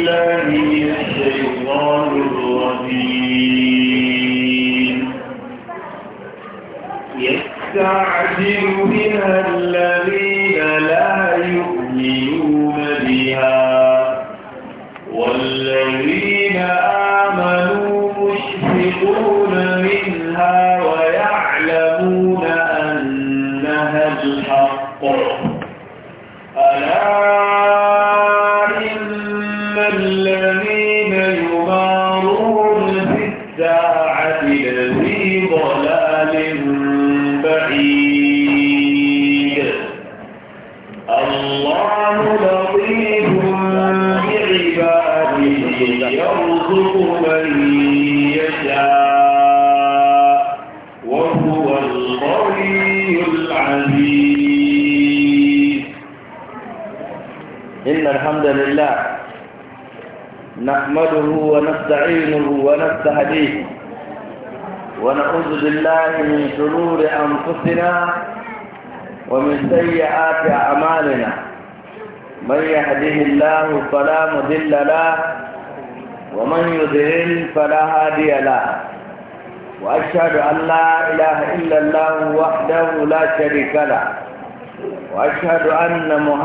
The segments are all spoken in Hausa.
بالله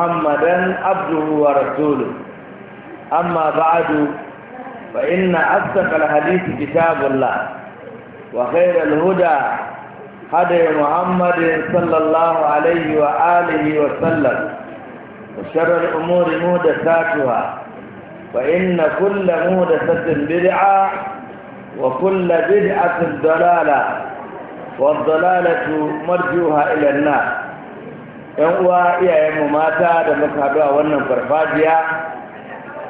محمدا عبده ورسوله أما بعد فإن أصدق الحديث كتاب الله وخير الهدى هدي محمد صلى الله عليه وآله وسلم وشر الأمور مهدساتها فإن كل مهدسة بدعة وكل بدعة ضلالة والضلالة مرجوها إلى النار yan uwa iyayenmu mata da muka haɗu a wannan farfajiya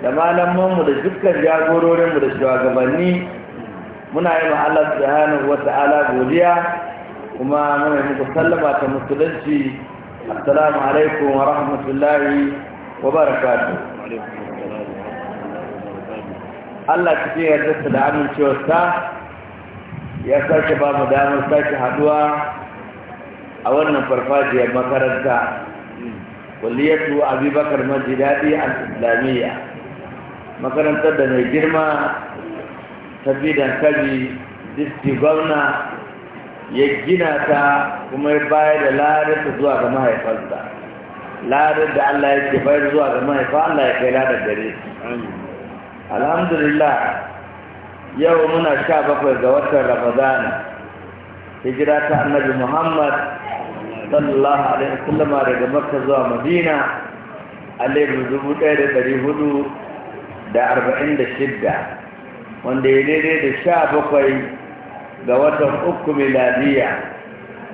da malamanmu da dukkan jagororinmu da shugabanni muna yi da subhanahu wa ta'ala godiya kuma muna yi muku sallama ta musulunci assalamu alaikum wa rahmatullahi wa barakatu Allah cikin yardarsa da amincewarsa ya sake ba mu damar sake haduwa. a wannan farfajiyar makaranta kulliyatu abubakar majidadi a islamiyya makarantar da mai girma ta bidan kabi disti gwamna ya gina ta kuma ya bayar da ladar ta zuwa ga mahaifarsa ladar da Allah ya ce bayar zuwa ga mahaifa Allah ya kai ladar gare alhamdulillah yau muna sha bakwai ga watan ramadana hijira ta annabi muhammad sallallahu alaihi wasallama daga makka zuwa madina a laifin dubu da ɗari hudu wanda ya daidai da sha bakwai ga watan uku miladiya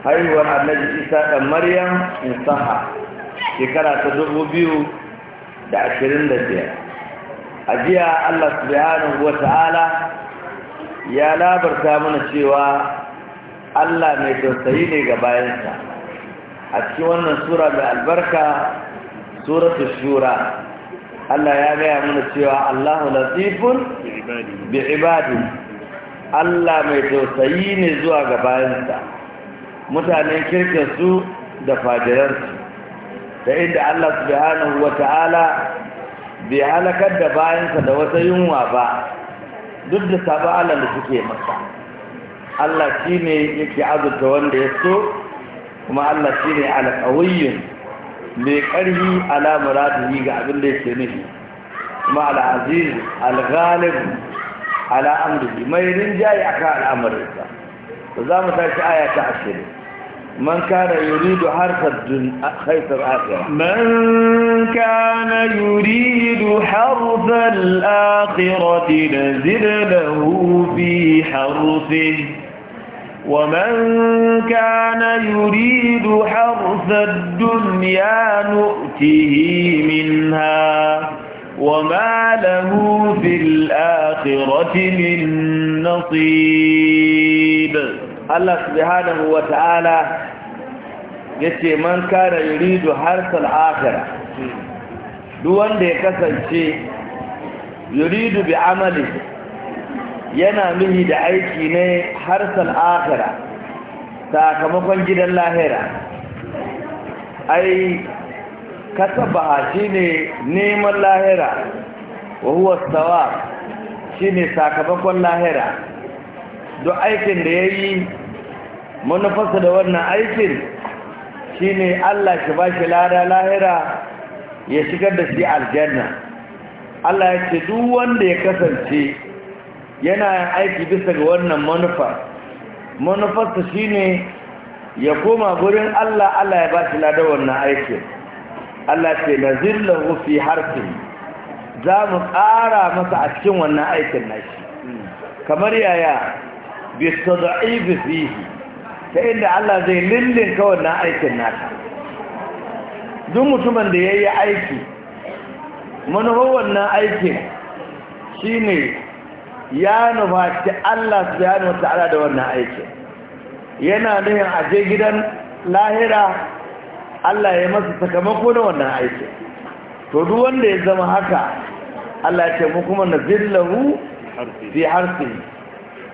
haihuwar annabi isa ɗan maryam in saha shekara ta dubu biyu da ashirin da biyar a jiya allah subhanahu wa ta'ala ya labarta mana cewa Allah mai tausayi ne ga bayansa a cikin wannan sura mai albarka suratu shura Allah ya gaya mana cewa Allahu latifun bi ibadi Allah mai tausayi ne zuwa ga bayansa mutanen kirkin su da fajiransu da inda Allah subhanahu wata'ala bai halakar da bayansa da wata yunwa ba duk da saba Allah suke masa Allah shi ne yake azurta wanda ya so kuma Allah shi ne alƙawiyin mai ƙarfi alamura da yi ga abin da yake nufi kuma al'aziz alghalib ala amri mai rinjaye akan al'amarinsa to za mu tashi aya ta ashirin من كان يريد حرث حيث الآخرة من كان يريد حرث الآخرة نزل له في حرثه ومن كان يريد حرث الدنيا نؤته منها وما له في الآخرة من نصيب الله سبحانه وتعالى yace man kana yuridu harsal akhirah duk wanda ya kasance yuridu bi amali yana nuhi da aiki ne harsal akira sakamakon gidan lahira ai kasabaha shi ne neman lahira wa huwa sawa shi ne sakamakon lahira don aikin da ya yi manufarsa da wannan aikin shi ne allah shi ba shi lada lahira ya shigar da shi aljanna allah ya ce duk wanda ya kasance yana aiki bisa ga wannan manufa manufarsa shine ya koma gurin Allah Allah ya ba shi lada wannan aikin Allah ce na zillahu fi harfin za mu ƙara masa a cikin wannan aikin nashi kamar yaya bisu da fihi ta inda Allah zai lillinka wannan aikin nasa duk mutumin da ya yi aiki manufar wannan aikin shine ya nufaci Allah ya nufa ta'ala da wannan aiki yana nuhin aje gidan lahira Allah ya masa sakamako da wannan aiki to duk wanda ya zama haka Allah ya ce mu kuma na zillahu fi harfi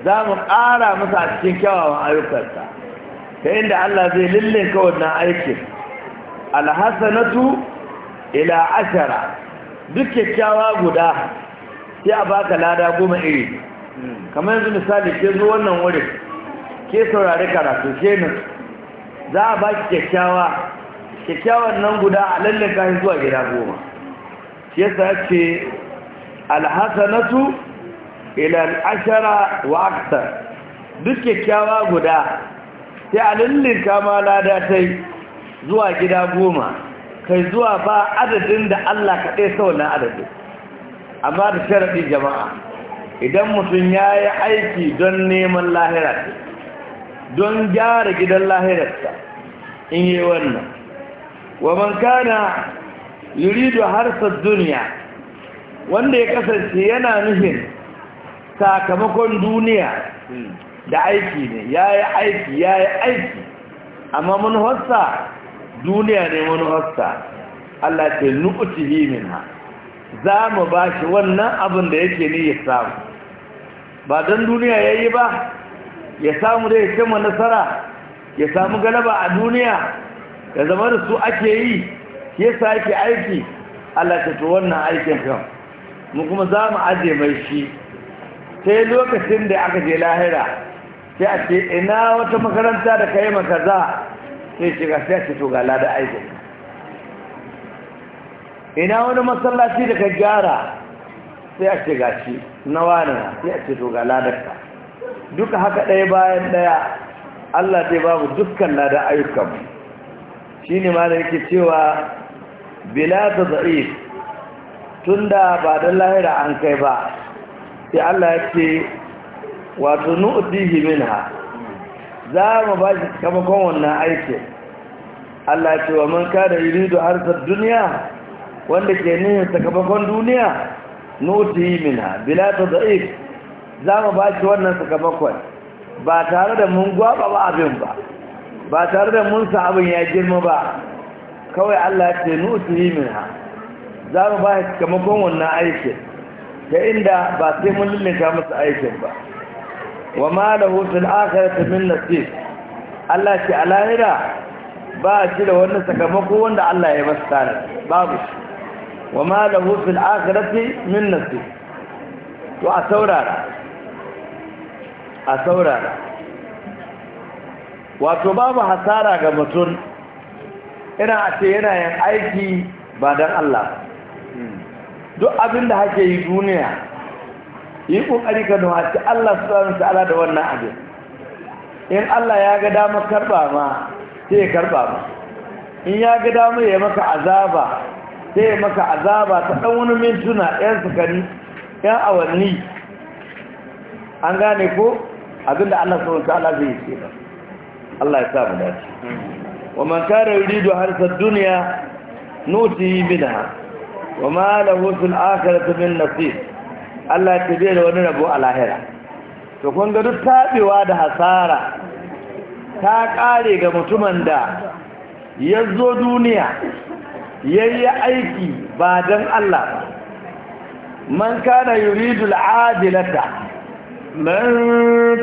za mu ƙara masa a cikin kyawawan ayyukansa ta inda Allah zai lillinka wannan aikin alhassanatu ila ashara duk kyakkyawa guda sai a baka lada goma iri kamar yanzu misali ke zo wannan wurin ke saurari karatu ke nan za a baki kyakkyawa kyakkyawan nan guda a lallaka shi zuwa gida goma shi ya ce alhassanatu ilal ashara wa aksar duk kyakkyawa guda sai a lallaka ma lada ta zuwa gida goma kai zuwa ba adadin da Allah kaɗai sau na adadin amma da sharaɗi jama'a idan mutum ya yi aiki don neman lahirar don gyara gidan lahirarsa in yi wannan wa man kana yuridu harsar duniya wanda ya kasance yana nufin sakamakon duniya da aiki ne ya yi aiki ya yi aiki amma manuwarsa duniya ne manuwarsa Allah ce nu'utihi minha za mu ba shi wannan abin da yake ni ya samu ba don duniya ya yi ba ya samu da ya cimma nasara ya samu galaba a duniya ya zama da su ake yi ya sa aiki Allah ta wannan aikin kan mu kuma za mu aje mai shi sai lokacin da aka je lahira sai a ce ina wata makaranta da ka yi maka za sai shiga sai a ce to ga lada aikin ka. ina wani masallaci da ka gyara sai a ce gashi na wani sai a ce to ladarka duka haka ɗaya bayan ɗaya Allah zai babu dukkan ladar ayyukanmu shi ne ma da yake cewa bila ta za'i tun da ba don lahira an kai ba sai Allah ya ce wato min ha za mu ba shi kamakon wannan aikin Allah ya ce wa man kada yuridu harsar duniya wanda ke nuhin sakamakon duniya noti mina bila ta da'if za mu ba shi wannan sakamakon ba tare da mun gwaba ba abin ba ba tare da mun sa abin ya girma ba kawai Allah ce noti mina za mu ba shi sakamakon wannan aikin ta inda ba sai mun lullunta masa aikin ba wa ma da hutun akarata min nasif Allah ce a lahira ba a da wannan sakamako wanda Allah ya masu tare babu shi wa ma da hufin akirati min su? to a saurara a saurara wato babu hasara ga mutum ina a ce yana yin aiki ba don Allah duk abin da hake yi duniya yi ƙoƙari ka ce Allah su tsarin ta'ala da wannan abin in Allah ya ga damar karɓa ma sai ya karɓa ma in ya ga damar ya maka azaba sai maka azaba ta ɗan wani mintuna ɗan sukari ɗan awanni an gane ko abinda Allah sauran ta'ala zai yi ce ba Allah ya samu dace wa man kare yuridu harsar duniya nuti minha wa ma lahu fil akhirati min nasib Allah ya bai da wani rabo a lahira to kun ga duk tabewa da hasara ta kare ga mutumin da ya zo duniya Yayi aiki ba don Allah ba man kana yuridu al'adilata man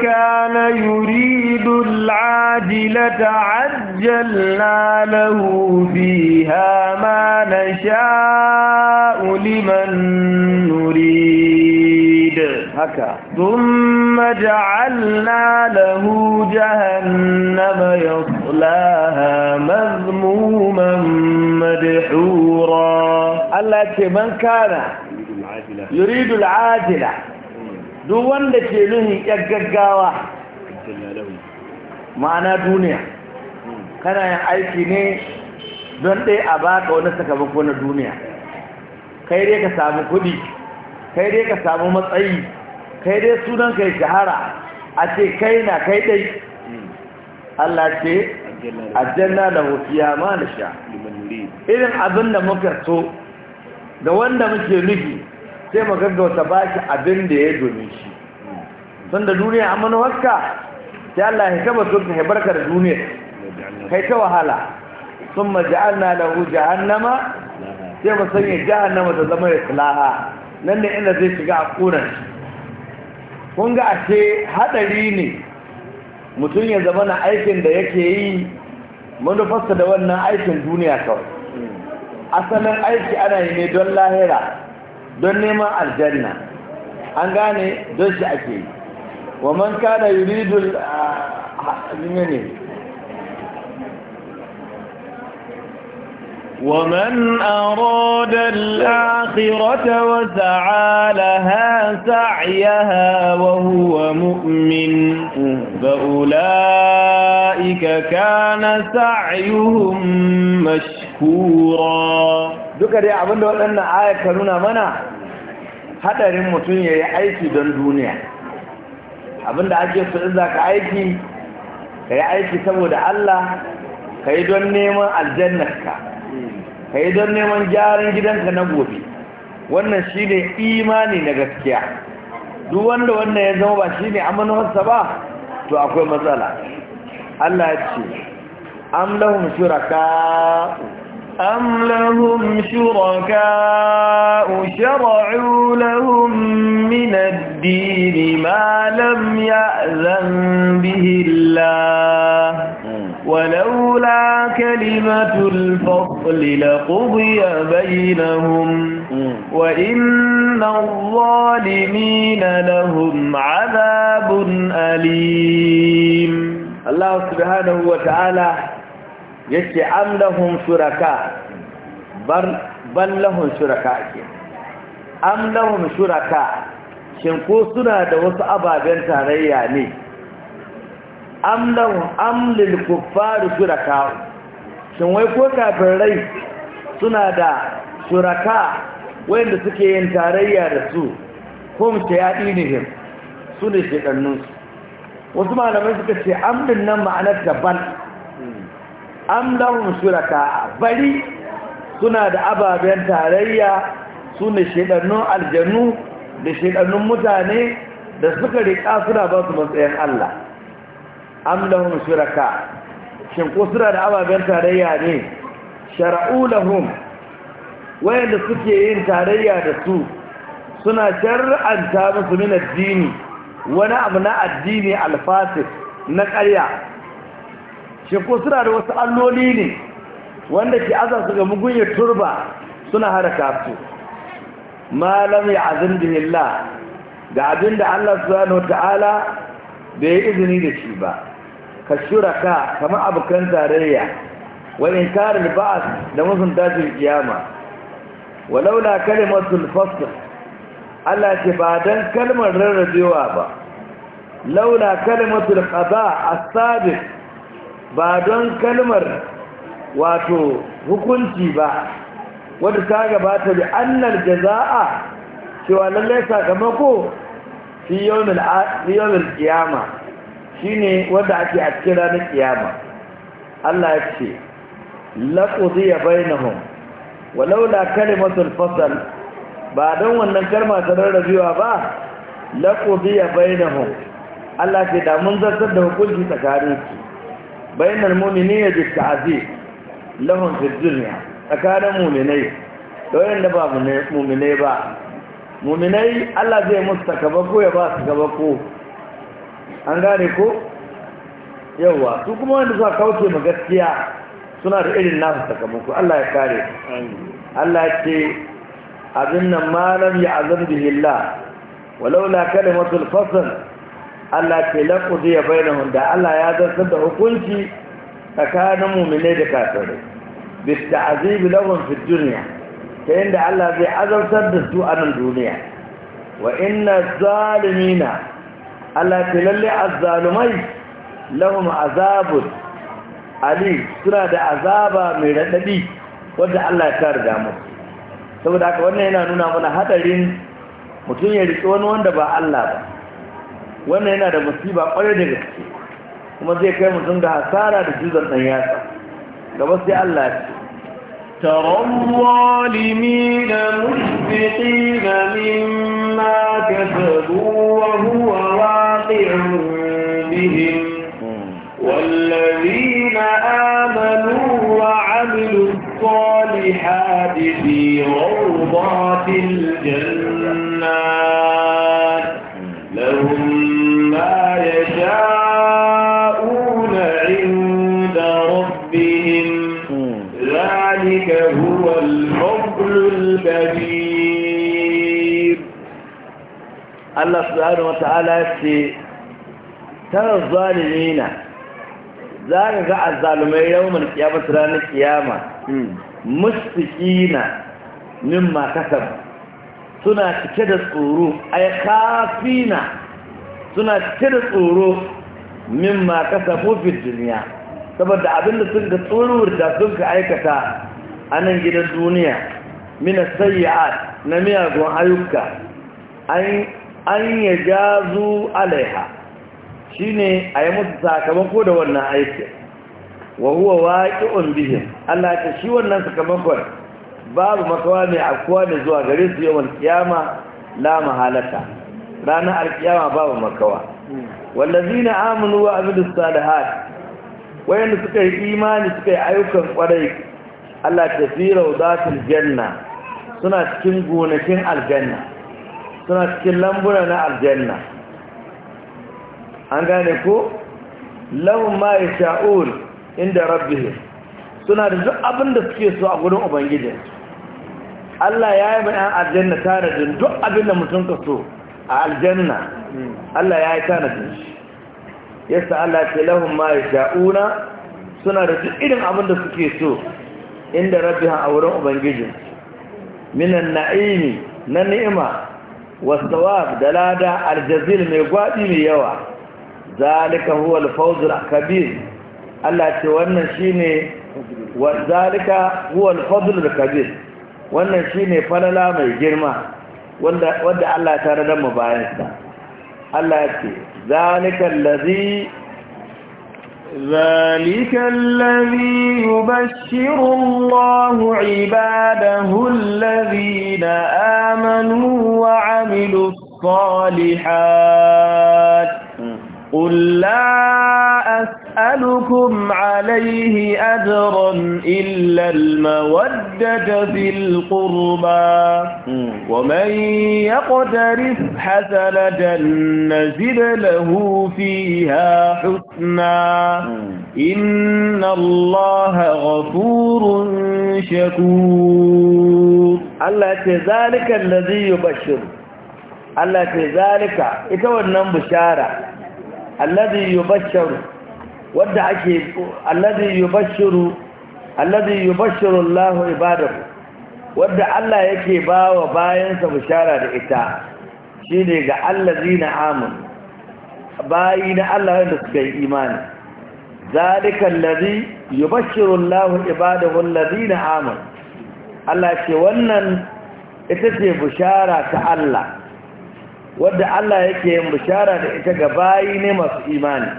kana yuridu al'adilata ajjalna lahu biha ma nasha'u da haka thumma ja'alna lahu jahannama yaslaha mazmuman madhura Allah ce man kana yuridu al'ajila duk wanda ke nuhin yar gaggawa ma'ana duniya kana yin aiki ne don ɗaya a baka wani sakamako na duniya kai dai ka samu kuɗi kai dai ka samu matsayi kai dai sunan kai shahara a ce kai na kai dai Allah ce aljanna da hukiya ma na sha irin abin da muka so da wanda muke nufi sai mu gaggauta ba shi abin da ya domin shi sun da duniya amma wakka ta Allah ya kaba sun ka barka duniya kai ta wahala sun na lahu jahannama sai mu sanya ta zama islaha nan da inda zai shiga a ƙunar kun ga ashe haɗari ne mutum ya zama na aikin da yake yi manufarsa da wannan aikin duniya kawai asalin aiki ana yi ne don lahira don neman aljanna an gane don shi ake yi wa man kada yuridul ah, ah, ne ومن أراد الآخرة وسعى لها سعيها وهو مؤمن فأولئك كان سعيهم مشكورا duka dai abinda waɗannan aya ka nuna mana hadarin mutum ya yi aiki don duniya abinda ake so in za ka aiki ka yi aiki saboda Allah ka yi don neman aljannarka ka yi don neman gyaran gidanka na gobe wannan shi ne imani na gaskiya duk wanda wannan ya zama ba shi ne amanuwarsa ba to akwai matsala Allah ya ce am lahum shuraka am lahum shuraka shar'u lahum min ad-din ma lam ya'zan bihi Allah ولولا كلمة الفصل لقضي بينهم وإن الظالمين لهم عذاب أليم الله سبحانه وتعالى يتي أم لهم شركاء بل, بل لهم شركاء أم لهم شركاء شنقوصنا دوس أبا بنت رياني amlan amlil kuffari shuraka shin wai ko kafirai suna da shuraka wanda suke yin tarayya da su hum shayadinihim su ne shedannun su wasu malamai suka ce amlin nan ma'anar daban amlan shuraka bari suna da ababen tarayya su ne shedannun aljannu da mutane da suka riƙa suna ba su matsayin Allah am lahum shuraka shin ko da ababen tarayya ne shar'u lahum wayanda suke yin tarayya da su suna shar'anta musu min addini wani abu na addini alfasid na ƙarya shin ko da wasu alloli ne wanda ke aza su ga mugunyar turba suna haraka su malam ya azin bihillah ga abin da Allah subhanahu wa ta'ala bai izini da shi ba kashuraka kama abokan tarayya wa inkarin ba'as da musun tashin kiyama walaula kalimatul fasl Allah ce ba don kalmar rarrabewa ba laula kalimatul qada as-sabiq ba don kalmar wato hukunci ba wadda ta gabata da annar jaza'a cewa lallai sakamako fi yawmin qiyama shine wanda ake a cikin ranar kiyama Allah ya ce laqudiya bainahum walaula kalimatul fasl ba don wannan karma ta rarrabewa ba laqudiya bainahum Allah ce da mun zartar da hukunci tsakanin su bainal ya bi ta'zib lahum fi dunya tsakanin mu'minai da wanda ba mu'minai ba mu'minai Allah zai musu takabako ya ba su takabako an gane ko Yawwa, su kuma wanda suka kauce ma gaskiya suna da irin nasu sakamako Allah ya kare Allah ya ce abin nan malam ya azan bihillah walau la kalimatul fasl Allah ce laqudi ya bainahum da Allah ya zartar da hukunci tsakanin mu'minai da kafirai bis ta'zib lahum fid dunya ta yanda Allah zai azabtar da su a nan duniya wa inna zalimina Allah ke lalle azzalumai lahum azabun ali suna da azaba mai raɗaɗi wanda Allah ya tare da mu saboda haka wannan yana nuna mana hadarin mutum ya riƙe wani wanda ba Allah ba wannan yana da musiba kware da gaske kuma zai kai mutum ga hasara da juzan ɗan yasa gaba sai Allah ya ترى الظالمين مشفقين مما الذين آمنوا وعملوا الصالحات في روضات الجنات لهم ما يشاءون عند ربهم ذلك هو الفضل الكبير الله سبحانه وتعالى ترى الظالمين za ka ga azzalumai yawmal kiyama ranar kiyama hmm. mushfiqina min kasab suna cike da tsoro ay kafina suna cike da tsoro min kasabu fi dunya saboda abinda sun ga da sun ka aikata a nan gidan duniya mina sayyi'at na miyagun ayyuka an ya jazu alaiha shine a yi musu sakamako da wannan aikin wa huwa waqi'un bihim Allah ta shi wannan sakamakon babu makawa mai akuwa da zuwa gare su yawan kiyama la mahalata ranar alkiyama babu makawa wallazina amanu wa amilus salihat wayanda suka yi imani suka yi ayyukan kwarai Allah ta fi raudatul janna suna cikin gonakin aljanna suna cikin lambuna na aljanna an gane ko lahum ma yasha'un inda rabbihim suna da duk abin da suke so a gurin ubangiji. Allah ya yi bayan aljanna da duk abin da mutum ka so a aljanna Allah ya yi da shi yasa Allah ce lahum ma yasha'una suna da duk irin abin da suke so inda rabbihim a wurin ubangiji minan na'imi na ni'ima wasawab da lada aljazil mai gwaɗi mai yawa zalika huwa al-fawzul kabir Allah ce wannan shine wa zalika huwa kabir wannan shine falala mai girma wanda wanda Allah ta tare da mu bayan sa Allah ce zalika allazi ذلك الذي يبشر الله عباده الذين آمنوا وعملوا الصالحات قل لا أسألكم عليه أجرا إلا المودة في القربى ومن يقترف حسنة نزد له فيها حسنا إن الله غفور شكور الله كذلك الذي يبشر الله كذلك إتوى النم بشارة alladhi yubashsharu wadda ake alladhi yubashshiru alladhi yubashshiru Allahu ibadahu wanda Allah yake bawa bayansa bishara da ita shine ga allazina amanu bayi na Allah wanda suka yi imani zalika allazi yubashshiru Allahu ibadahu allazina amanu Allah ce wannan ita ce bishara ta Allah wadda Allah yake yin bishara da ita ga bayi ne masu imani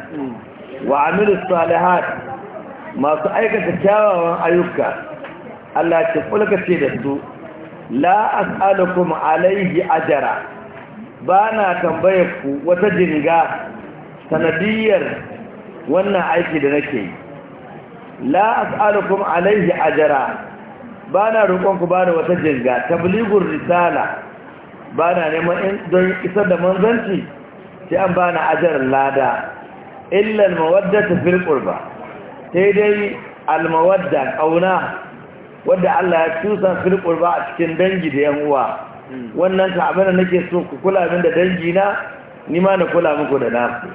wa amiru salihat masu aikata kyawawan ayyuka Allah ce kulka ce da su la as'alukum alayhi ajra ba na tambaye ku wata jinga sanadiyar wannan aiki da nake yi la as'alukum alayhi ajra ba na roƙon ku ba da wata jinga tablighur risala ba na neman don isar da manzanci sai an ba na ajar lada illal mawadda ta fil qurba sai dai almawadda kauna Wadda Allah ya tusa fil a cikin dangi da yan uwa wannan ka abin da nake so ku kula min da dangi na ni ma na kula muku da naku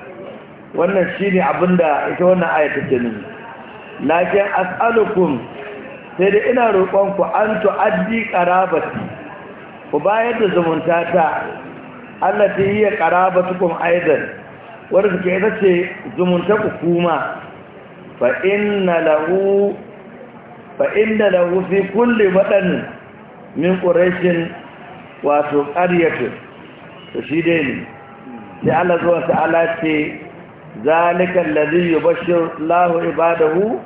wannan shi ne abin da ita wannan aya take nuni lakin as'alukum sai dai ina roƙonku ku an tu'addi qarabati ku bayar da zumunta ta Allah ta yi ya karaba tukun aidan wadda suke ita ce zumunta ku kuma fa inna lahu fi kulli wadan min quraishin wato qaryatu to shi dai ne sai Allah zuwa ta'ala ce zalika alladhi yubashshiru Allahu ibadahu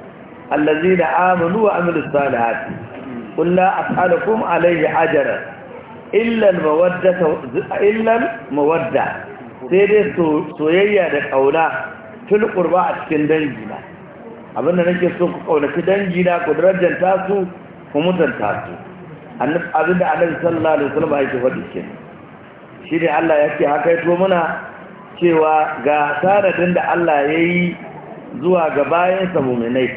alladhina amanu wa amilus salihati qul la as'alukum alayhi ajran illal mawadda sai dai soyayya da ƙauna fil qurba a cikin dangi na abinda nake so ku dangi na, ku darajanta su ku mutunta su abinda annabi sallallahu alaihi wasallam yake faɗi ke shi ne Allah yake haka yato muna cewa ga sanadin da Allah yayi zuwa ga bayansa muminai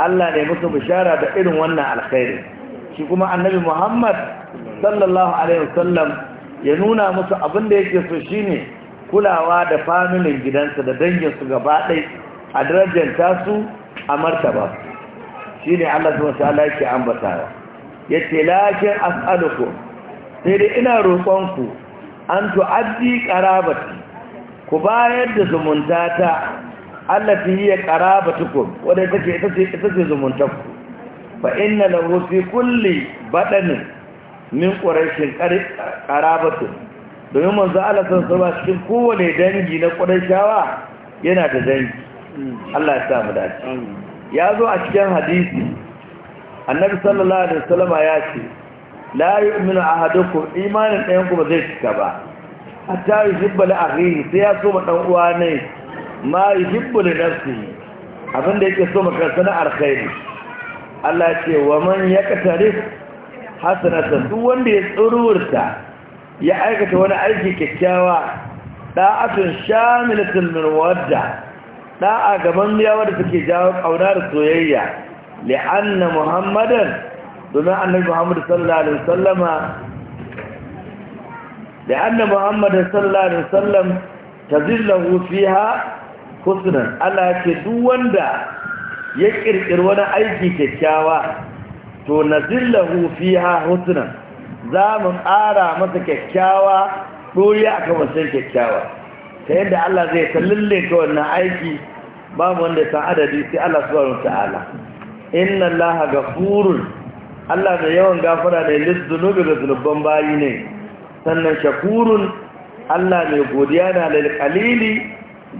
Allah ne musu bishara da irin wannan alkhairi shi kuma annabi Muhammad sallallahu alaihi wasallam ya nuna musu abin da yake so shine kulawa da familin gidansa da danginsu gaba ɗai a darajar tasu a martaba shi ne Allah su wasu Allah yake ambatawa ya ce lakin as'aluku sai dai ina roƙonku an to addi ƙarabati ku bayar da zumunta ta Allah ta yi ya ƙarabatuku wadda ita ce zumuntanku fa inna lahu kulli baɗanin min ƙara ƙarabatu domin manzo Allah sun saba cikin kowane dangi na ƙwararshawa yana da dangi Allah ya samu mu dace ya zo a cikin hadisi annabi sallallahu alaihi wasallam ya ce la yu'minu ahadukum imanin ɗayan ku ba zai cika ba hatta yuhibbu li akhihi sai ya so ma dan uwa ne ma yuhibbu li nafsihi abinda yake so ma kansa na alkhairi Allah ya ce wa man yaqtarif hasanatan duk wanda ya tsururta ya aikata wani aiki kyakkyawa da'atun shamilatul mirwadda da'a gaban yawa da take jawo kauna da soyayya li'anna muhammadan domin annabi muhammad sallallahu alaihi wasallama li'anna muhammadan sallallahu alaihi wasallam tazillahu fiha husnan ala ke duk wanda ya kirkiri wani aiki kyakkyawa to nazillahu fiha husna za mu ƙara masa kyakkyawa ɗori a kan wasan kyakkyawa ta yadda Allah zai ta wannan aiki babu wanda ta adadi sai Allah subhanahu ta'ala inna Allah furun, Allah da yawan gafara ne zunubi ga zunuban bayi ne sannan shakurun Allah mai godiya na lil qalili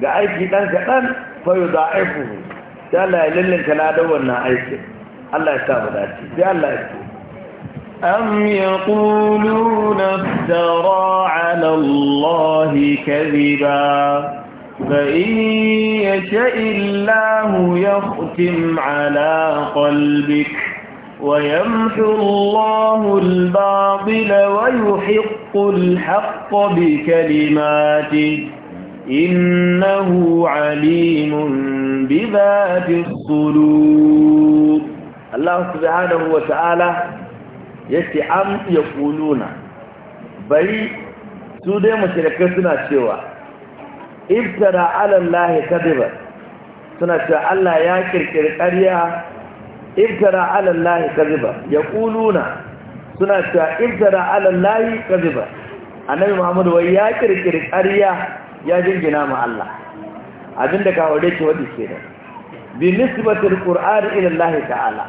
ga aiki dan kadan fa yudha'ifu sai Allah ya na da wannan aiki. الله ya ذاتي mu الله sai أم يقولون افترى على الله كذبا فإن يشاء الله يختم على قلبك ويمحو الله الباطل ويحق الحق بكلماته إنه عليم بذات الصدور Allah subhanahu wa ta'ala yace am yaquluna bari su dai mushrike suna cewa iftara ala Allah kadiba suna cewa Allah ya kirkiri ƙarya iftara ala Allah kadiba yaquluna suna cewa iftara ala Allah kadiba annabi Muhammad wai ya kirkiri ƙarya ya jingina ma Allah abinda ka wade ki wadi da bi nisbatul qur'an ila Allah ta'ala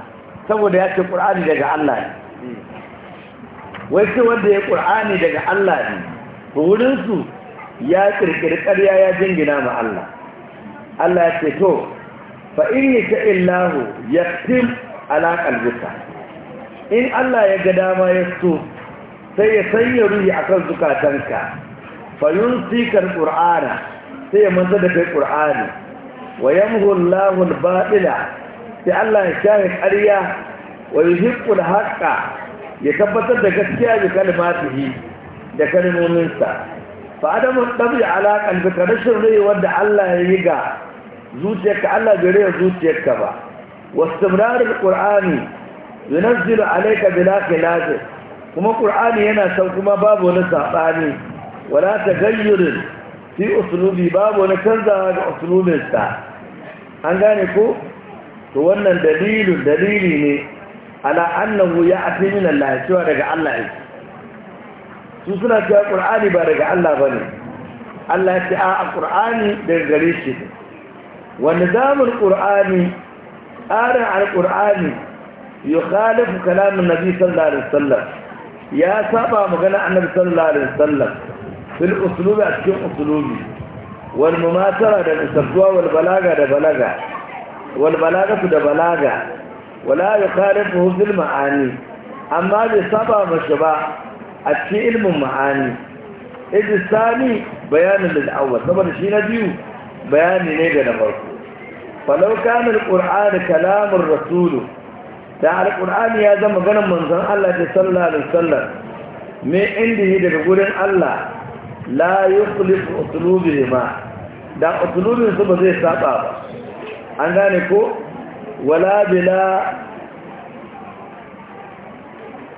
saboda ya ce ƙur'ani daga Allah ne wai ce wanda ya ƙur'ani daga Allah ne wurinsu ya ƙirƙiri ƙarya ya jingina ma Allah Allah ya ce to fa in yi ta illahu ya tim ala kalbuka in Allah ya ga dama ya so sai ya sanya ruhi a kan zukatanka fa yun sikar ƙur'ana sai ya manta da kai ƙur'ani wa yamhu Allahul baɗila sai Allah ya share ƙarya wa yuhibbu al-haqqa ya tabbatar da gaskiya bi kalimatihi da kalmominsa fa adamu tabi ala qalbi ka rashin rai wanda Allah ya yi ga zuciyarka Allah bai rai zuciyarka ba wa istimrar al-qur'ani yunzilu alayka bila khilaf kuma ƙur'ani yana san kuma babu wani sabani wala tagayyur fi uslubi babu wani canzawa ga uslubinsa an gane ko to wannan dalilu dalili ne ala annahu ya ati min Allah cewa daga Allah ne su suna cewa Qur'ani ba daga Allah bane Allah ya ce a Qur'ani daga gare shi wa nizamul Qur'ani tsarin al-Qur'ani yukhalifu kalamin nabi sallallahu alaihi wasallam ya saba magana annabi sallallahu alaihi wasallam fil uslubi a cikin uslubi wal mumatara da misaltuwa wal balaga da balaga wal da balaga wala yukhalifu fil ma'ani amma bai saba mashi ba a cikin ilmin ma'ani idh sani bayanin lil awwal saboda shi na biyu bayani ne da na farko falau kana alquran kalamur rasul da alquran ya zama ganin manzon Allah ta sallallahu alaihi wasallam me inda daga gurin Allah la yukhlifu uslubihi ma da usulubin su ba zai saba ba an gane ko wala bila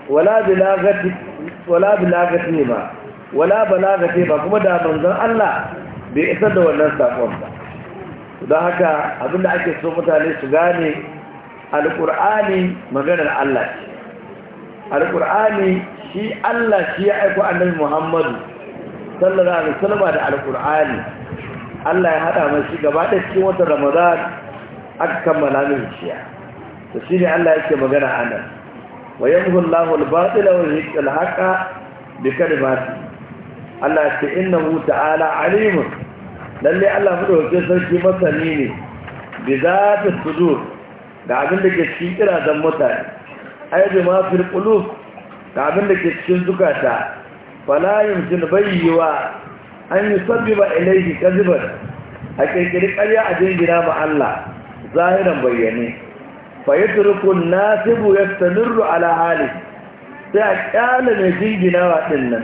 wala wala ba wala balagati ba kuma da manzon Allah bai isar da wannan sakon ba don haka abinda ake so mutane su gane Alƙur'ani maganar Allah ce shi Allah shi ya aiko annabi Muhammadu sallallahu alaihi wasallam da alkur'ani Allah ya hada mai shi gaba da cikin watan Ramadan aka kammala min to shine Allah yake magana anan wa yamhu Allahu al-batila wa yuhiqqu al-haqa bi kalimati Allah ce innahu ta'ala alimun lalle Allah mu mudauke sarki masani ne bi zati sudur da abin da ke cikin kirazan mutane ay bi ma fil qulub da abin da ke cikin zukata fala yumkin bayyiwa an yusabbiba ilayhi kadhiban a kirkiri ƙarya a jingina ma Allah zahiran bayyane fa na nasibu yastamirru ala hali sai a kyala mai jinginawa din nan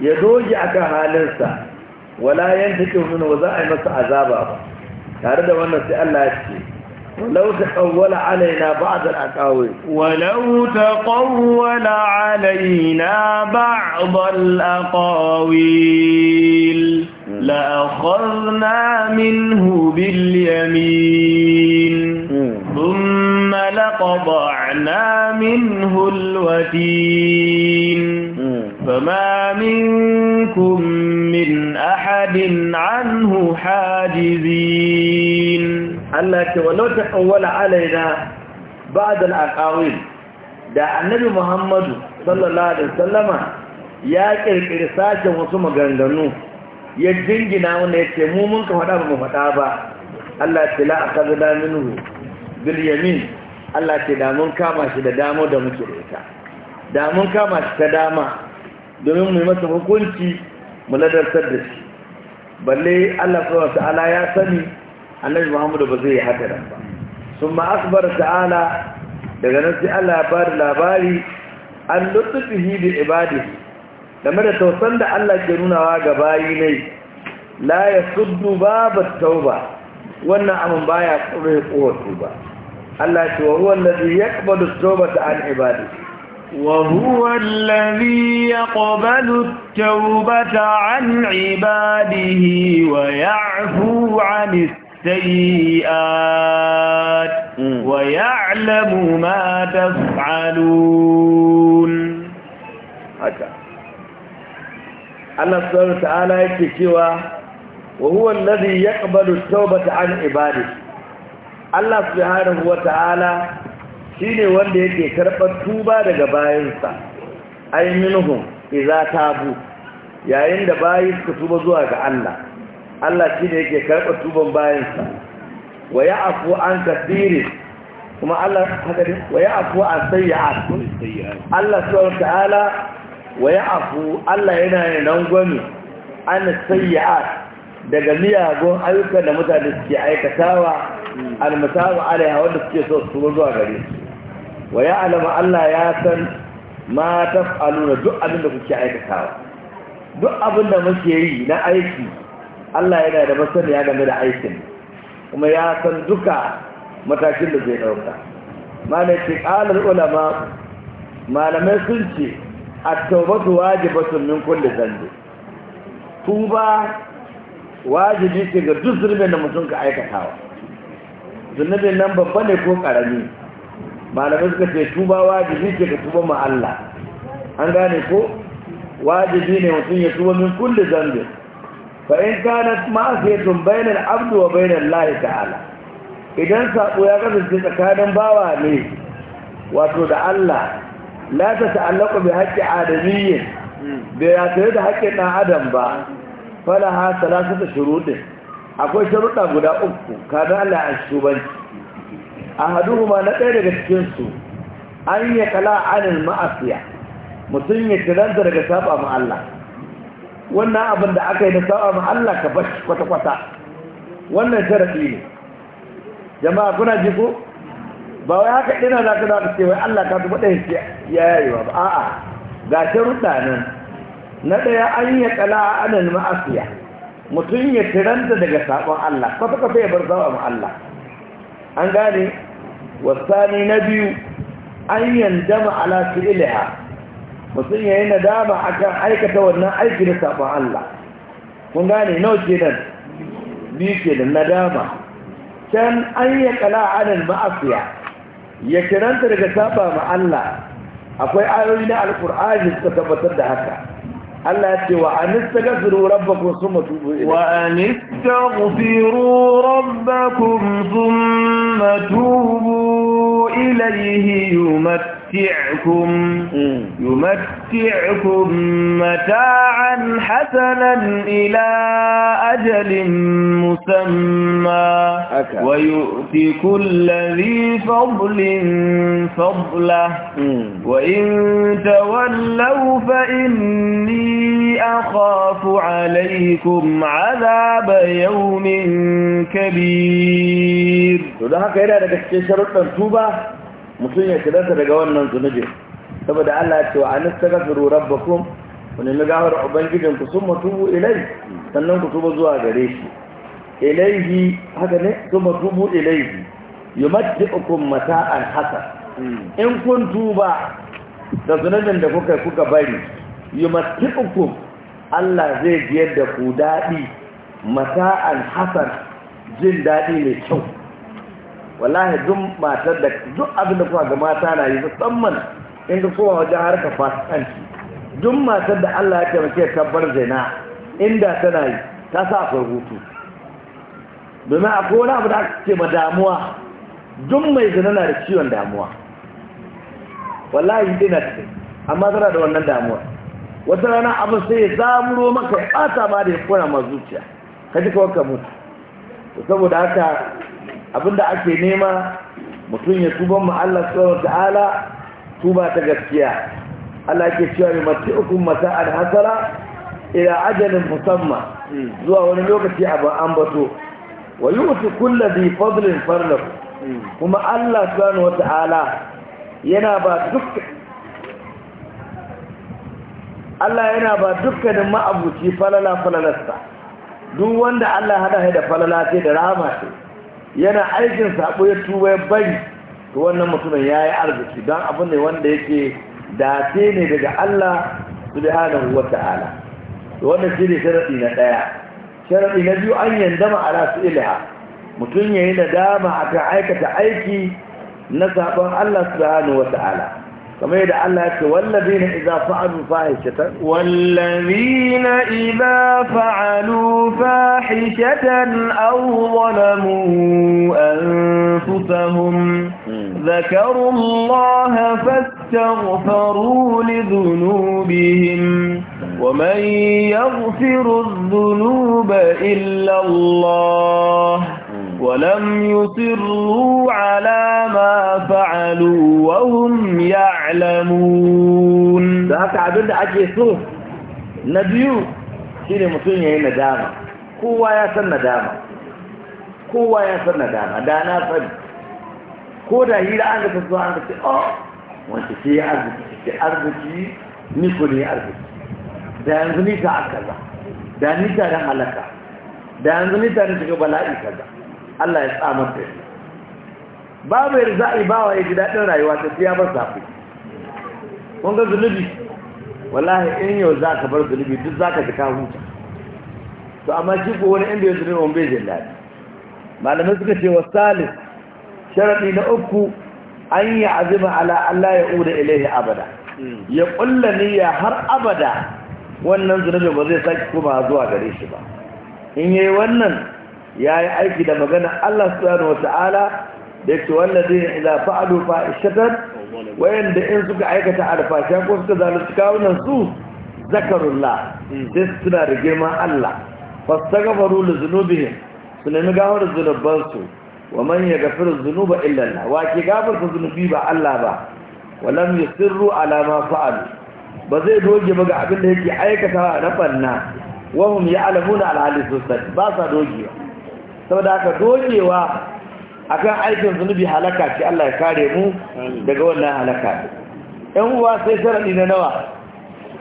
ya doge akan halinsa wala yantake min wa za a yi masa azaba tare da wannan sai Allah ya ce لو تقول علينا بعض الأقاويل ولو تقول علينا بعض الأقاويل لأخذنا منه باليمين ثم لقطعنا منه الوتين فما منكم من أحد عنه حاجزين Allah ce walau ta kawwala alaina ba'd al-aqawil da annabi Muhammadu sallallahu alaihi wasallama ya ƙirƙiri sashen wasu maganganu ya jingina wanda ya ce mu mun ka faɗa ba mu faɗa ba Allah ce la akadna minhu bil yamin Allah ce da mun kama shi da damo da muke da da mun kama shi ta dama domin mu yi masa hukunci mu ladartar da shi balle Allah subhanahu wa ta'ala ya sani annabi muhammadu ba zai yi haka da ba sun ma'asbar ta'ala daga nan sai allah ya bada labari an lutsufihi da ibadi game da tausan da allah ke nunawa ga bayi ne la ya suddu babu tauba wannan amin baya kure kowace ba. allah ce wa ruwan lafi ya kabalu tauba ta an ibadi وهو الذي يقبل التوبة عن عباده ويعفو عن السلام السيئات ويعلم ما تفعلون هكا الله سبحانه وتعالى يكتوى وهو الذي يقبل التوبة عن عباده الله سبحانه وتعالى shine wanda yake karɓar tuba daga bayansa ay minhum idza tabu yayin da bayi suka tuba zuwa ga Allah Allah shi ne yake karɓar tuban bayansa wa ya afu an kasiri kuma Allah hakari wa ya afu an sayyi'at Allah subhanahu ta'ala wa ya afu Allah yana ne nan gwami an sayyi'at daga miyagun ayyuka da mutane suke aikatawa almusabu alaiha wanda suke so su zuwa gare su wa ya alama Allah ya san ma taf'aluna duk abin da kuke aikatawa duk abin da muke yi na aiki Allah yana da masaniya game da aikin kuma ya san duka matakin da zai dauka malai ce qalar ulama malamai sun ce at-tawbatu wajibatun min kulli dhanbi tuba wajibi ce ga duk zulmin da mutum ka aikatawa zunubin nan babba ne ko karami malamai suka ce tuba wajibi ce ga tuba ma Allah an gane ko wajibi ne mutum ya tuba min kulli dhanbi fa'in kanat ma'asiyatun bainal abdu wa bainal lahi ta'ala idan sako ya kasance tsakanin bawa ne wato da Allah la ta ta'allaqu bi haqqi adamiyyin bai ya tare da haƙƙin ɗan adam ba fala ha salasata shuruɗin akwai sharuɗa guda uku kada Allah A shubanci kuma na ɗaya daga cikin su an ya kala anil ma'asiya mutum ya kiranta daga saba ma Allah wannan abin da aka yi da sa'a ma Allah ka bashi kwata-kwata wannan sharaɗi ne jama'a kuna ji ko ba wai haka ɗina za ka za cewa ce Allah ka tuba ɗaya ya wa ba a'a ga sharuɗa nan na ɗaya an yi ƙala a anan ma'asiya mutum ya tiranta daga saƙon Allah kwata-kwata ya bar sa'a ma Allah an gane wasani na biyu an ma ala fi'iliha mutum ya yi nadama a kan aikata wannan aiki na saɓon Allah kun gane nau ke nan biyu ke nan nadama can an yi kala anan ma'afiya ya kiranta daga saɓa ma Allah akwai ayoyi na alkur'ani suka tabbatar da haka Allah ya ce wa an istaghfiru rabbakum thumma tubu ilayhi wa fi istaghfiru rabbakum thumma tubu ilayhi yumat يمتعكم يمتعكم متاعا حسنا إلى أجل مسمى ويؤتي كل ذي فضل فضله وإن تولوا فإني أخاف عليكم عذاب يوم كبير. وده هكذا لك شرط mutum ya ta daga wannan zunubin saboda Allah ya ce wa an astaghfiru rabbakum wa nemi gafar ubangijin ku summa tubu ilai sannan ku tuba zuwa gare shi ilaihi haka ne summa tubu ilaihi yumatti'ukum mata'an haka hmm. in kun tuba da zunubin da kuka kuka bari yumatti'ukum Allah zai biyar da ku daɗi mata'an hasan jin daɗi mai kyau wallahi duk matar da duk abin da kuma ga mata na yi musamman in ka kowa wajen harka fasikanci duk matar da Allah ya taimake ka bar zina inda tana yi ta sa akwai hutu domin akwai wani abu da aka ce ma damuwa duk mai zina na da ciwon damuwa wallahi dina ce amma tana da wannan damuwa wata rana abin sai ya zamuro maka ɓata ma da ya kona ma zuciya ka ji kawai ka mutu saboda haka abinda ake nema mutum ya tuba ma Allah subhanahu ta'ala tuba ta gaskiya Allah yake cewa mai matu'ukum mata'an hasara ila ajalin musamma hmm. zuwa wani lokaci a ban ambato wa yu'ti kulli dhi fadlin farlahu hmm. kuma Allah subhanahu ta'ala yana ba duk Allah yana ba dukkanin ma'abuci falala falalarsa duk wanda Allah hada da falala ce da rama ce yana aikin sabo ya tuba ya bari to wannan mutumin ya yi arziki don abu ne wanda yake dace ne daga Allah da wa ta'ala to wannan shi ne sharaɗi na ɗaya sharaɗi na biyu an yandama ala su ilaha mutum ya yi nadama akan aikata aiki na sabon Allah subhanahu ta'ala كما يدعى الله والذين إذا فعلوا فاحشة والذين إذا فعلوا فاحشة أو ظلموا أنفسهم ذكروا الله فاستغفروا لذنوبهم ومن يغفر الذنوب إلا الله ولم يصروا على ما فعلوا وهم يعلمون da haka abin da ake so na biyu shi ne mutum ya yi nadama kowa ya san nadama kowa ya san nadama da na sani ko da hira an ga tsuwa an ce oh wanda ce arziki ce arziki ni ko ne arziki da yanzu ni ta akaza da ni ta da halaka da yanzu ni ta da shiga bala'i kaza Allah ya sa da shi babu yadda za a yi bawa ya ji daɗin rayuwa ta siya ba zafi kun ga zunubi wallahi in yau za ka bar zunubi duk za ka jika huta to amma shi ko wani inda ya zunubi wani bai jin daɗi malamai suka ce wa salis sharaɗi na uku an yi azima ala Allah ya uda ilaihi abada ya ƙulla niyya har abada wannan zunubi ba zai sake kuma zuwa gare shi ba in yayi wannan ya yi aiki da magana Allah subhanahu wa ta'ala da yake wallazi idza fa'alu fa'ishatan wayanda in suka aikata alfasha ko suka zalunci kawunan su zakarullah sai suna da girman Allah fastaghfiru li dhunubihim su nemi gafar zunuban su wa man yaghfiru dhunuba illa Allah wa ke gafarta zunubi ba Allah ba walam yusirru ala ma fa'alu ba zai doge ba ga abin da yake aikata na fanna wahum ya'lamuna al-hali sosai ba sa dogewa saboda haka dogewa akan aikin zunubi halaka ce Allah ya kare mu daga wannan halaka ɗan uwa sai sharaɗi na nawa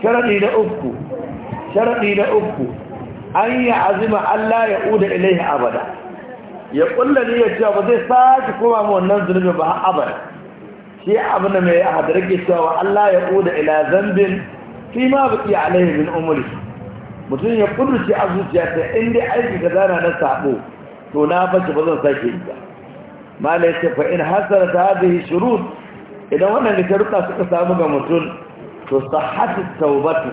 sharaɗi na uku sharaɗi na uku an yi azima Allah ya uda ilaihi abada ya ƙulla ne ya cewa ba zai sake koma mu wannan zunubin ba abada shi abin da mai hadar ke cewa Allah ya uda ila zambin fi ma baki alaihi min umri mutum ya kudurci a zuciya ta inda aiki ga zana na sabo to na bace ba zan sake yi ba mala ya ce fa in hasara ta yi shurut idan wannan da sharuɗa suka samu ga mutum to sahhatu taubatu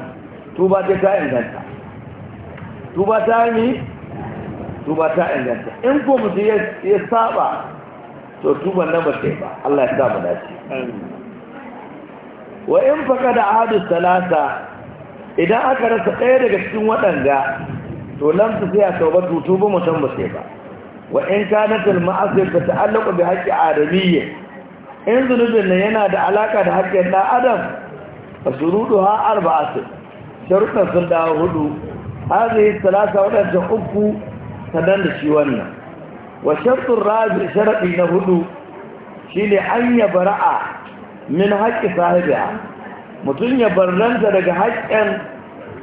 tuba ta ta inganta tuba ta yi tuba ta inganta in ko mutum ya saba to tuba nan ba ta ba Allah ya sa mu dace wa in faqada ahadu salasa idan aka rasa ɗaya daga cikin waɗanda to sai a taubatu tuba mutum ba sai ba wa in kanat al ma'asir ta ta'allaqu bi haqqi adamiyya in zunubin nan yana da alaka da haƙƙin dan adam fasuruduha arba'atun sharuɗan sun dawo hudu hadhihi thalatha wadannan uku sanan da shi wannan wa shartun rabi sharaɗi na hudu shine an ya bara'a min haƙƙi sahibiya mutum ya barranta daga haƙƙin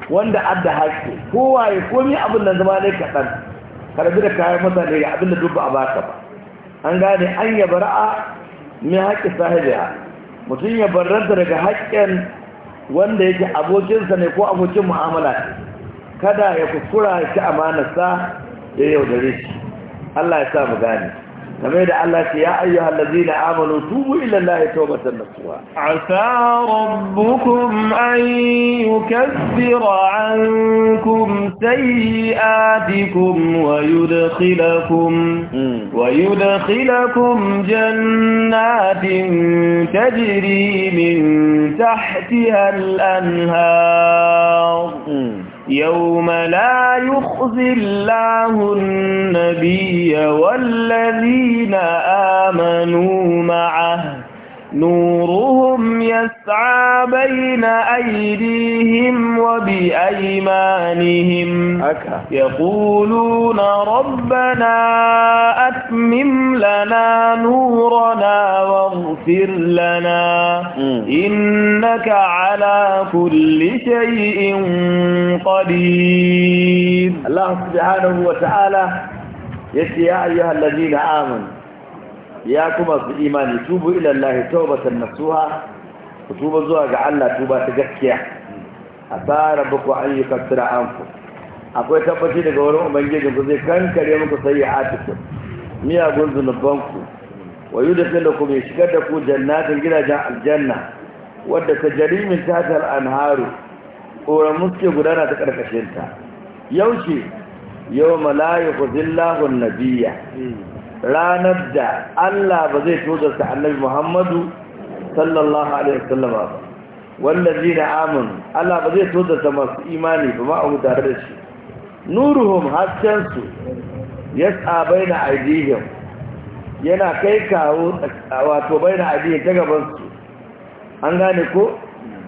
wanda adda haƙƙi kowa ya komi abin da zama ne kaɗan karbi da kayan mutane ga abin da dubba ba a baka ba an gane an ya bara'a min haƙƙi sahibiya mutum ya barranta daga haƙƙin wanda yake abokinsa ne ko abokin mu'amala kada ya kuskura ya ci sa ya yaudare shi Allah ya sa mu gane كما يقول يا أيها الذين آمنوا توبوا إلى الله توبة نفسها عسى ربكم أن يكفر عنكم سيئاتكم ويدخلكم ويدخلكم جنات تجري من تحتها الأنهار يوم لا يخزي الله النبي والذين آمنوا معه نورهم يسعى بين أيديهم وبأيمانهم يقولون ربنا أتمم لنا نورنا واغفر لنا إنك على كل شيء قدير الله سبحانه وتعالى يا أيها الذين آمنوا ya kuma su imani tubu ilallahi Allah nasuha ku tuba zuwa ga Allah tuba ta gaskiya asara baku an yukassira anku akwai tabbaci daga wurin ubangijin ku zai kankare muku sai ya sayyi'atikum miyagun zunubanku wa yudkhilukum kuma shigar da ku jannatin gidajen aljanna wadda ta jarimin tatar anharu ƙoran muske gudana ta ƙarƙashinta yaushe yau ku zillahun nabiya ranar da Allah ba zai tozarta annabi Muhammadu sallallahu alaihi wasallam ba wallazi na amin Allah ba zai tozarta masu imani ba ma abu tare da shi nuruhum haskensu ya tsabai na aidihim yana kai kawo wato bai na aidihim ta gabansu an gane ko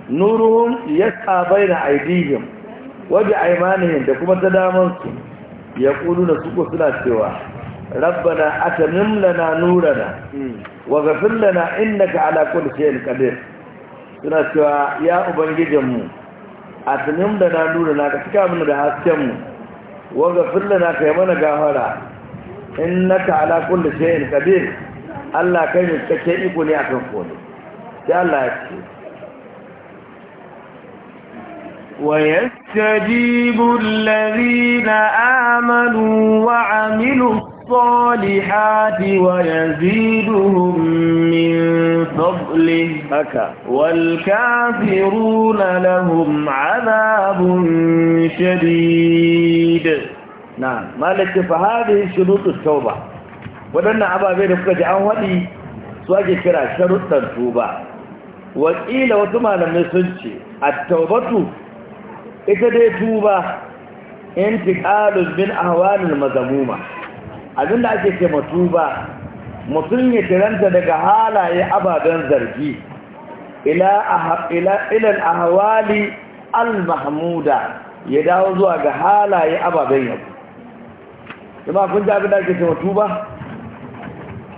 nuruhun ya tsabai na aidihim wajen aimanihim da kuma ta damansu ya ƙudu da suko suna cewa ربنا أتمم لنا نورنا وغفر لنا إنك على كل شيء قدير suna cewa ya ubangijinmu a tunin da na nuna na ka cika mana haskenmu wanda fulla na kai mana gafara in na ka alakun da shayin kabir allah kai mai cikakken iko ne a kan kone sai allah ya ce ويستجيب الذين الصالحات ويزيدهم من فضله والكافرون لهم عذاب شديد نعم مالك فهذه شروط التوبة ولن أبا بين فقد عن سواجه كرا شروط التوبة وقيل وتما لم يسنش التوبة إذا دي توبة انتقال من أهوال المذمومة abinda ake ce matuba mutum ya kiranta daga halaye ababen zargi ilan ahawali al-mahmuda ya dawo zuwa ga halaye ababen yabo ima kun ji abin da ake ce tuba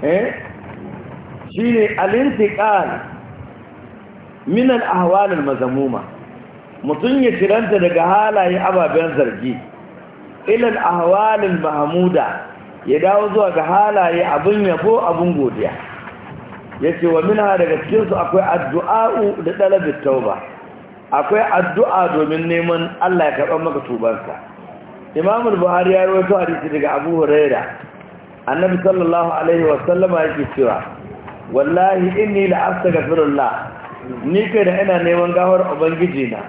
eh shi ne alintikal minan ahawalin mazamuma mutum ya kiranta daga halaye ababen zargi ilan ahawalin Mahmuda. ya dawo zuwa ga halaye abin yabo abun godiya ya ce wa mina daga cikinsu akwai addu'a'u da ɗalabin tauba akwai addu'a domin neman Allah ya karɓar maka tubansa imamul buhari ya rawaito hadisi daga abu huraira annabi sallallahu alaihi wasallama yake cewa wallahi inni la'astaghfirullah ni kai da ina neman gawar ubangiji na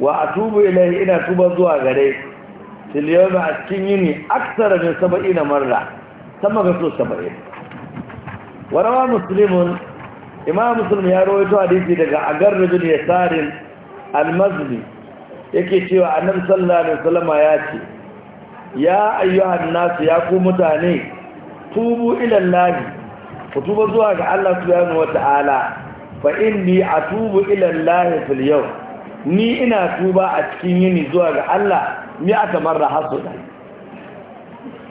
wa atubu ilaihi ina tuba zuwa gare filiyoma a cikin yini aksara da saba'i na marra sama ga so saba'i warawa musulmin imam musulmi ya rawaito hadisi daga agar rajul yasarin Ya yake cewa annan sallah da salama ya ce ya ayyuhan nasu ya ku mutane tubu ilan lahi, ku tuba zuwa ga Allah wa ta'ala fa a tubu ilan lahi, fil yau. ni ina tuba a cikin yini zuwa ga Allah ni aka marra har so ɗari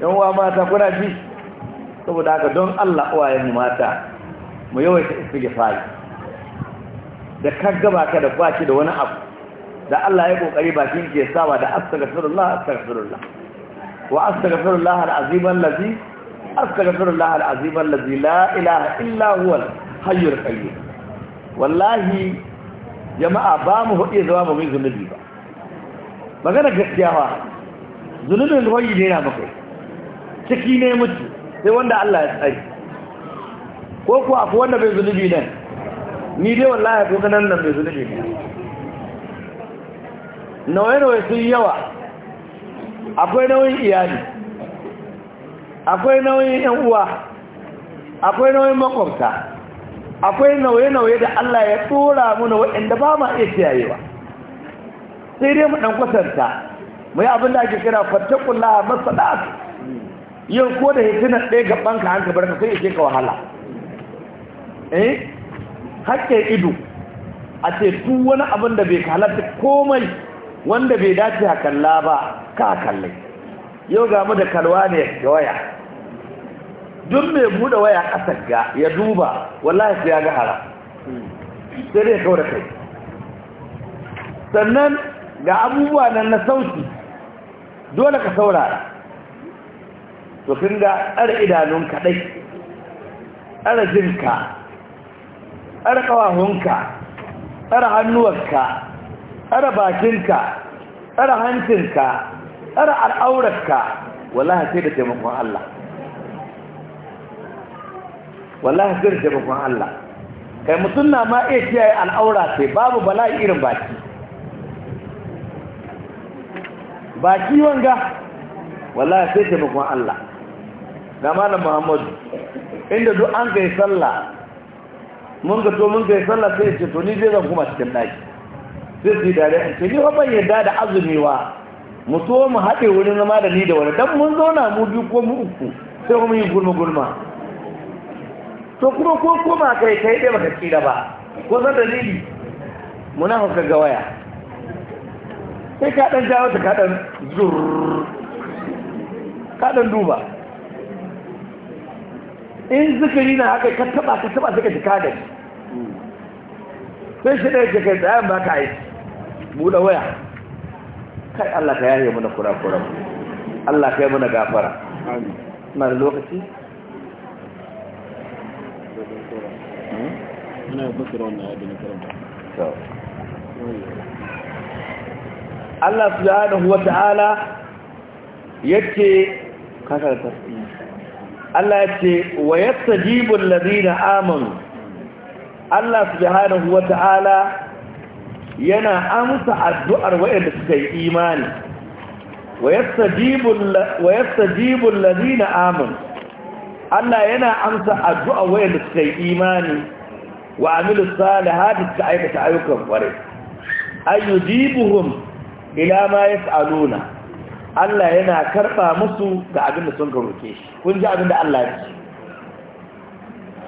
yan uwa mata kuna ji saboda haka don Allah uwayen mata mu yawaita istighfari da kagga baka da kwaki da wani abu da Allah ya kokari bakin ke sawa da astaghfirullah astaghfirullah wa astaghfirullah al-azim allazi astaghfirullah al-azim allazi la ilaha illa huwa al-hayyul qayyum wallahi jama'a ba mu hudu zama mu zunubi ba magana gaskiya ba zunubin ruwayi ne na bakwai ciki ne mutu sai wanda Allah ya tsari ko kuwa akwai wanda bai zunubi nan ni dai wallahi ya ganan nan bai zunubi ne nauye-nauye sun yawa akwai nauyin iyali akwai nauyin yan uwa akwai nauyin makwabta akwai nauye-nauye da Allah ya tsora muna waɗanda ba ma iya kiyayewa sai dai mu ɗan kwatanta mu yi abin da ake kira fattakulla masada'a yau ko da hitinan ɗaya gaban ka hanka barka sai yake ka wahala eh hakke ido a ce duk wani abin da bai halatta komai wanda bai dace a kalla ba ka kalle yau ga mu da kalwa ne da waya duk mai buɗe waya ƙasar ga ya duba wallahi sai ya ga haram sai dai kawo da kai sannan ga abubuwa nan na sauti dole ka saurara to kin ga tsara idanun kaɗai tsara jinka tsara ƙawahunka tsara hannuwarka tsara bakinka tsara hancinka tsara al'aurarka wallahi sai da taimakon Allah wallahi sai da taimakon Allah kai mutum na ma iya kiyaye al'aura sai babu bala'i irin baki ba kiwon ga wallahi sai taimakon Allah da malam Muhammadu inda duk an kai sallah mun ga to mun kai sallah sai ce to ni zai zan kuma cikin daki sai su dare an ce ni fa ban yarda da azumi wa mu so mu haɗe wurin zama da ni da wani dan mun zauna mu biyu ko mu uku sai kuma yi gulma gulma to kuma ko koma kai kai dai baka tsira ba ko zan dalili muna hauka ga waya sai ka dan jawo ta ka dan zur ka duba in zikiri na haka ka taba ka taba suka jika da sai shi ɗaya jikai tsayan ba ka yi buɗe waya kai Allah ka yaye mana kura-kura Allah ka yi mana gafara na da lokaci? muna yi kusurwa na yadda na karanta Allah subhanahu wata'ala yace kasar tasbih Allah yace wa yastajibu alladhina amanu Allah subhanahu ta'ala yana amsa addu'ar wayanda suka yi imani wa yastajibu wa yastajibu alladhina amanu Allah yana amsa addu'ar wayanda suka yi imani wa amilu salihati suka aikata ayyukan kwarai ayyujibuhum ila ma yas'aluna Allah yana karba musu ga abin da sun roke shi kun ji abin da Allah ya ce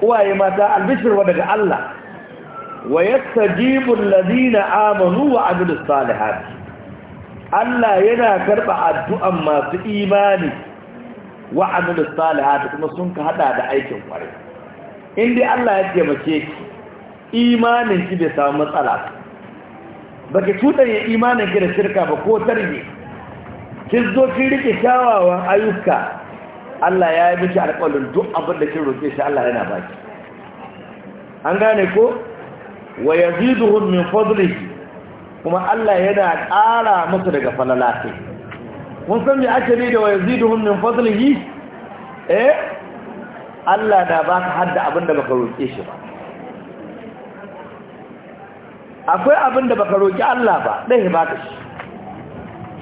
uwaye mata albishirwa daga Allah wa yastajibu alladhina amanu wa amilus salihat Allah yana karba addu'an masu imani wa amilus salihat kuma sun ka hada da aikin kware. in dai Allah ya taimake ki imanin ki bai samu matsala ba ba ki cuɗanye imanin ki da shirka ba ko tarbi kin zo kin rike kyawawan ayyuka Allah ya yi miki alƙalin duk abin da kin roƙe shi Allah yana baki an gane ko wa yaziduhum min fadlihi kuma Allah yana ƙara musu daga falalati mun san me ake ne da wa yaziduhum min fadlihi eh Allah na baka hadda abin da baka roƙe shi ba akwai abin da baka roƙi Allah ba ɗaya ba shi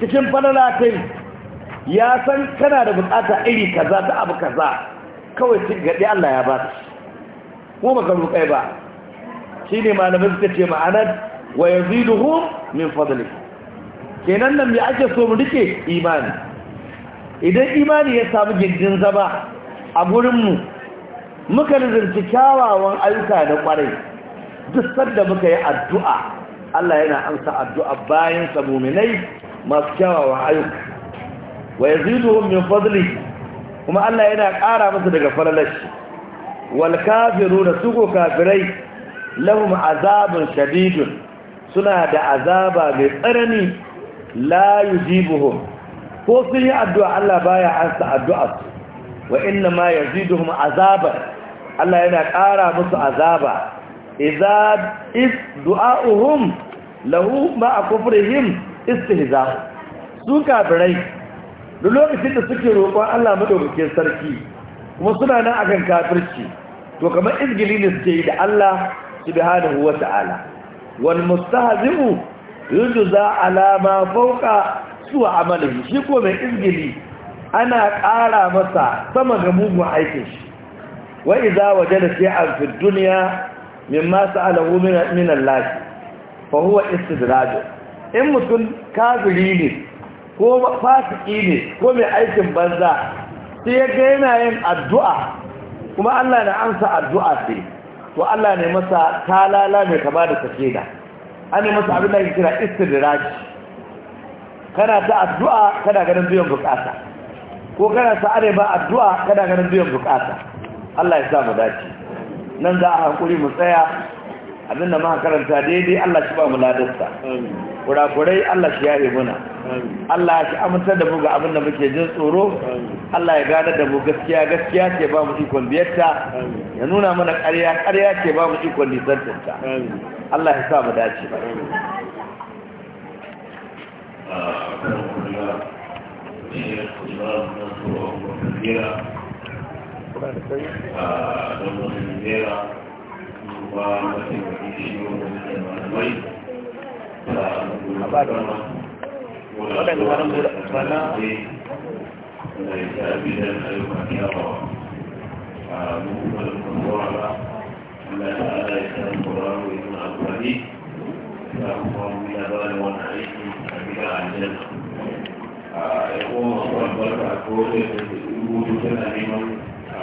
cikin falala kai ya san kana da bukata iri kaza ta abu kaza kawai cikin gaɗi Allah ya ba shi ko baka roƙai ba shi ne malamin suka ce ma'anar wa ya min fadli kenan nan mai ake so mu rike imani idan imani ya samu gindin zama a gurinmu muka rizinci kyawawan ayyuka na ƙwarai duk sanda muka yi addu'a Allah yana ansa addu'a bayan sa mu'minai masu kyawawan ayyuka wa yaziduhum min fadli kuma Allah yana ƙara musu daga faralashi wal kafiruna su ko kafirai lahum azabun shadidun suna da azaba mai tsanani la yujibuhum ko sun yi addu'a Allah baya ansa addu'a wa inna ma yaziduhum azabar, Allah yana ƙara musu azaba idza is du'a'uhum lahu ma'a kufrihim istihza su kafirai Da lokacin da suke roƙon Allah madaukakin sarki kuma suna nan akan kafirci to kamar ingilini suke yi da Allah subhanahu wa ta'ala wal mustahzi'u yujza ala ma fawqa su'a amalin. shi ko mai izgili ana ƙara masa sama ga mugun aikin shi wa idza wajada shay'an fid dunya mimma sa'alahu min Allah fa huwa istidraj in mutum kafiri ne ko fasiki ne ko mai aikin banza sai ya ga yana yin addu'a kuma Allah na amsa addu'a sai to Allah ne masa talala mai kama da sakina an ne masa abin da kira istidraj kana ta addu'a kana ganin biyan bukata ko kana ta are ba addu'a kana ganin biyan bukata Allah ya sa mu dace nan za a hankuri mu tsaya abin da muka karanta daidai Allah shi ba mu ladarsa kurakurai Allah shi yaye muna Allah shi amintar da mu ga abin da muke jin tsoro Allah ya gada da mu gaskiya gaskiya ce ba mu ikon biyarta ya nuna mana ƙarya ƙarya ce ba mu ikon nisantarta Allah ya sa mu dace ah, a kula domin nera kuma mafi shi wani malamai da gudunarwa wadanda wani gudunarwa da ya shafi da ayyukan yawa a mutumar kwanwara da ta ala ya san kwararwa yana amfani da kuma ya ba da wani aiki a gida a jan a ya koma kwanwara ko da ya rubutu tana neman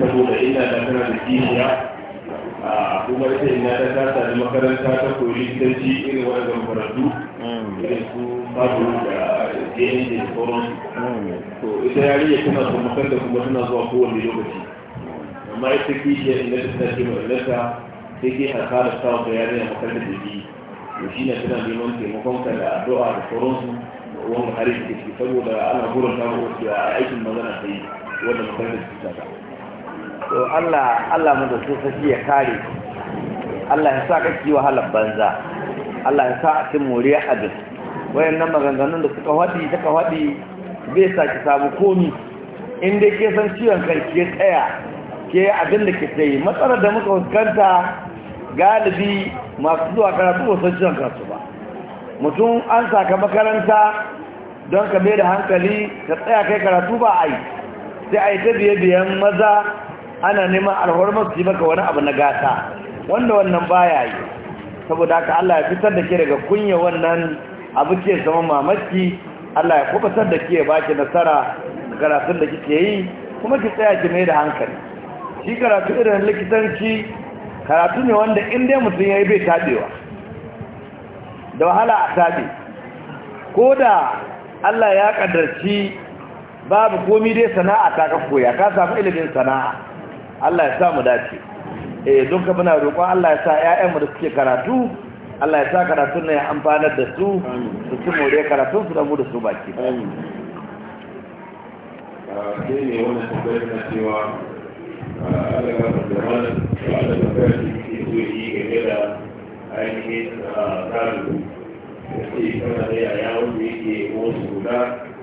saboda ina da kana da kimiyya a kuma ita ina ta ta sami makaranta ta koyi likitanci irin waɗannan makarantu irin su babu da jni da sauran to ita yarinya tana son makaranta kuma tana zuwa kowane lokaci amma ita kishiyar ina ta tana ce mai lalata sai ke harka da sa wata yarinya makaranta da biyu to shi ne suna neman taimakon ka da addu'a da sauransu wanda har yake saboda ana gurin samun wasu a aikin magana ta yi wanda makarantar su ta to Allah Allah mu da su saki ya kare Allah ya sa kake wahalar banza Allah ya sa a cin moriya abin wayannan maganganun da suka wadi suka wadi bai sa ki samu komi in dai ke san ciwon kai ke tsaya ke abin da ke tsaye matsalar da muka fuskanta galibi masu zuwa karatu ba san ciwon kansu ba mutum an saka makaranta don ka mai da hankali ka tsaya kai karatu ba a yi sai a yi ta biye biyan maza ana neman alhormar su yi maka wani abu na gata wanda wannan baya yi saboda haka Allah ya fitar da ke daga kunya wannan abu ke zama mamaki Allah ya kubatar da ke baki nasara karatun da kike yi kuma ki tsaya ki mai da hankali shi karatu irin likitanci karatu ne wanda in dai mutum ya yi bai taɓewa da wahala a taɓe ko da Allah ya ƙaddarci babu komi dai sana'a ta ka koya ka samu ilimin sana'a Allah ya sa mu dace eh don ka muna roƙon Allah ya sa ƴaƴanmu da suke karatu Allah ya sa karatu nan ya amfanar da su su ci more karatu su da mu da su baki amin ah, sai ne wannan tambayar na cewa ah, Allah ya da mana da da ke so yi game da ainihin ah, tsarin da ke kana da yaya wanda yake wasu da.